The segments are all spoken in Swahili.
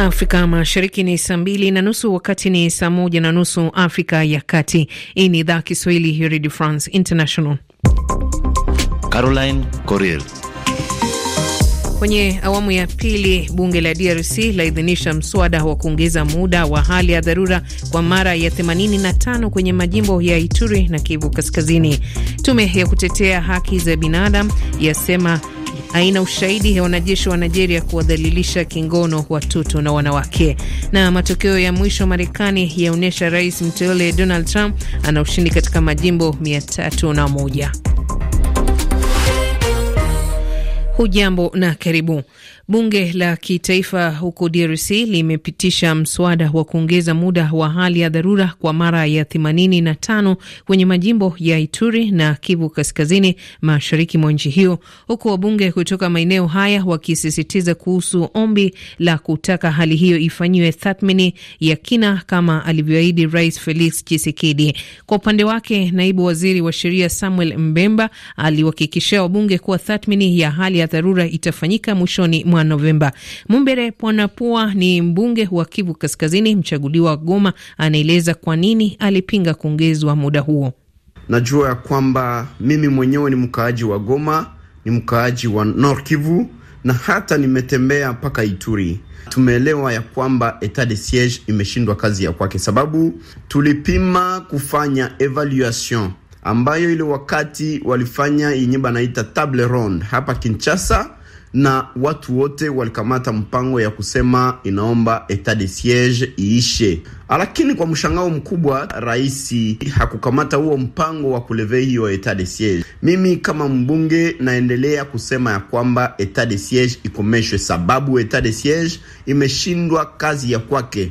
Afrika Mashariki ni saa mbili na nusu, wakati ni saa moja na nusu Afrika ya Kati. Hii ni idhaa Kiswahili ya Redio France International. Caroline Corel Kwenye awamu ya pili bunge la DRC laidhinisha mswada wa kuongeza muda wa hali ya dharura kwa mara ya 85 kwenye majimbo ya Ituri na Kivu Kaskazini. Tume ya kutetea haki za binadamu yasema haina ushahidi ya wanajeshi wa Nigeria kuwadhalilisha kingono watoto na wanawake. Na matokeo ya mwisho Marekani yaonyesha rais mteule Donald Trump ana ushindi katika majimbo 301. Ujambo na karibu. Bunge la kitaifa huko DRC limepitisha mswada wa kuongeza muda wa hali ya dharura kwa mara ya 85 kwenye majimbo ya Ituri na Kivu Kaskazini, mashariki mwa nchi hiyo, huku wabunge kutoka maeneo haya wakisisitiza kuhusu ombi la kutaka hali hiyo ifanyiwe tathmini ya kina kama alivyoahidi Rais Felix Tshisekedi. Kwa upande wake, naibu waziri wa sheria Samuel Mbemba aliwahakikishia wabunge kuwa tathmini ya hali ya dharura itafanyika mwishoni mwa wa Novemba. Mumbere Pwanapua ni mbunge wa Kivu Kaskazini, mchaguliwa wa Goma, anaeleza kwa nini alipinga kuongezwa muda huo. Najua ya kwamba mimi mwenyewe ni mkaaji wa Goma, ni mkaaji wa Nord Kivu na hata nimetembea mpaka Ituri. Tumeelewa ya kwamba etat de siege imeshindwa kazi ya kwake, sababu tulipima kufanya evaluation ambayo ile wakati walifanya yenye banaita table ronde hapa Kinshasa na watu wote walikamata mpango ya kusema inaomba etat de siege iishe, lakini kwa mshangao mkubwa rais hakukamata huo mpango wa kuleve hiyo etat de siege. Mimi kama mbunge naendelea kusema ya kwamba etat de siege ikomeshwe, sababu etat de siege imeshindwa kazi ya kwake.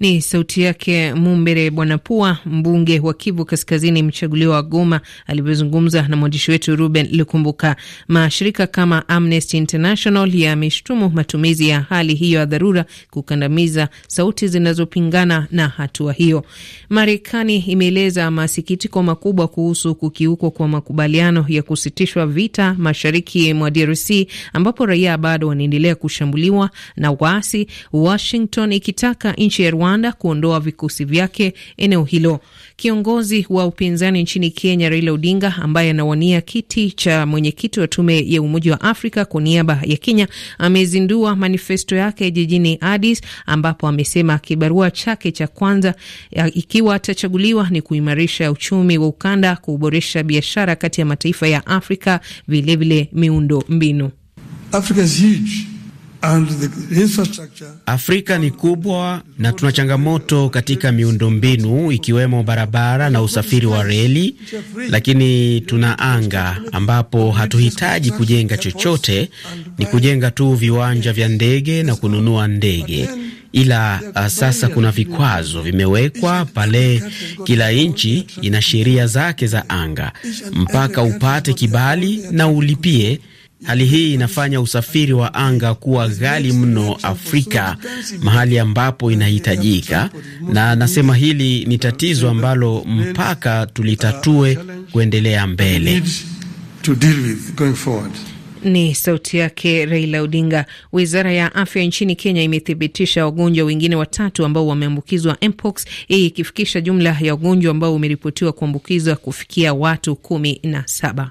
Ni sauti yake Mumbere Bwana Pua, mbunge wa Kivu Kaskazini, mchaguliwa wa Goma, alivyozungumza na mwandishi wetu Ruben Lukumbuka. Mashirika kama Amnesty International yameshtumu matumizi ya hali hiyo ya dharura kukandamiza sauti zinazopingana na hatua hiyo. Marekani imeeleza masikitiko makubwa kuhusu kukiukwa kwa makubaliano ya kusitishwa vita mashariki mwa DRC ambapo raia bado wanaendelea kushambuliwa na waasi, Washington ikitaka nchi ya Rwanda Rwanda kuondoa vikosi vyake eneo hilo. Kiongozi wa upinzani nchini Kenya Raila Odinga ambaye anawania kiti cha mwenyekiti wa tume ya Umoja wa Afrika kwa niaba ya Kenya amezindua manifesto yake jijini Addis, ambapo amesema kibarua chake cha kwanza ya ikiwa atachaguliwa ni kuimarisha uchumi wa ukanda, kuboresha biashara kati ya mataifa ya Afrika, vilevile miundo mbinu. Africa is huge. Afrika ni kubwa na tuna changamoto katika miundombinu ikiwemo barabara na usafiri wa reli, lakini tuna anga ambapo hatuhitaji kujenga chochote, ni kujenga tu viwanja vya ndege na kununua ndege. Ila uh, sasa kuna vikwazo vimewekwa pale. Kila nchi ina sheria zake za anga, mpaka upate kibali na ulipie Hali hii inafanya usafiri wa anga kuwa ghali mno Afrika, mahali ambapo inahitajika, na nasema hili ni tatizo ambalo mpaka tulitatue kuendelea mbele. Ni sauti yake Raila Odinga. Wizara ya afya nchini Kenya imethibitisha wagonjwa wengine watatu ambao wameambukizwa mpox, hii ikifikisha jumla ya wagonjwa ambao wameripotiwa kuambukizwa kufikia watu kumi na saba.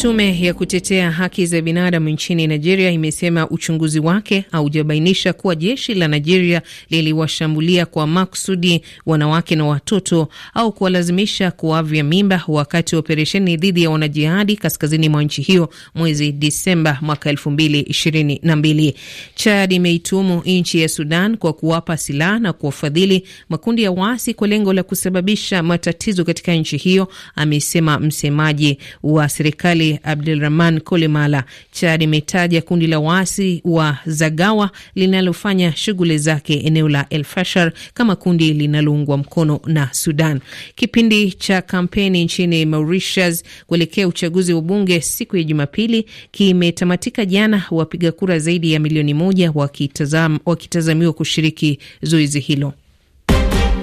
Tume ya kutetea haki za binadamu nchini Nigeria imesema uchunguzi wake haujabainisha kuwa jeshi la Nigeria liliwashambulia kwa makusudi wanawake na watoto au kuwalazimisha kuavya mimba wakati wa operesheni dhidi ya wanajihadi kaskazini mwa nchi hiyo mwezi Disemba mwaka elfu mbili ishirini na mbili. Chad imeitumu nchi ya Sudan kwa kuwapa silaha na kuwafadhili makundi ya waasi kwa lengo la kusababisha matatizo katika nchi hiyo, amesema msemaji wa serikali Abdulrahman Kolemala. Chad imetaja kundi la waasi wa Zagawa linalofanya shughuli zake eneo la El Fashar kama kundi linaloungwa mkono na Sudan. Kipindi cha kampeni nchini Mauritius kuelekea uchaguzi wa bunge siku ya Jumapili kimetamatika jana, wapiga kura zaidi ya milioni moja wakitazam, wakitazamiwa kushiriki zoezi hilo.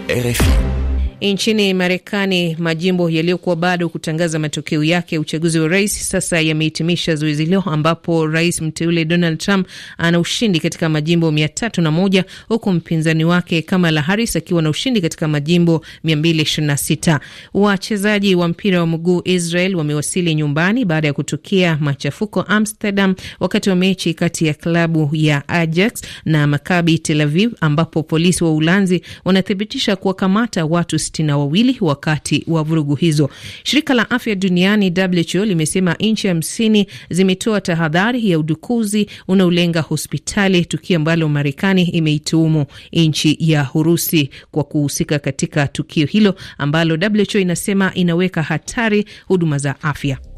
RFI. Nchini Marekani, majimbo yaliyokuwa bado kutangaza matokeo yake ya uchaguzi wa rais sasa yamehitimisha zoezi hilo, ambapo rais mteule Donald Trump ana ushindi katika majimbo mia tatu na moja huku mpinzani wake Kamala Harris akiwa na ushindi katika majimbo 226. Wachezaji wa mpira wa mguu Israel wamewasili nyumbani baada ya kutokea machafuko Amsterdam wakati wa mechi kati ya klabu ya Ajax na Maccabi Tel Aviv, ambapo polisi wa Ulanzi wanathibitisha kuwakamata watu sitini na wawili wakati wa vurugu hizo. Shirika la afya duniani WHO limesema nchi hamsini zimetoa tahadhari ya udukuzi unaolenga hospitali, tukio ambalo Marekani imeituhumu nchi ya Urusi kwa kuhusika katika tukio hilo ambalo WHO inasema inaweka hatari huduma za afya.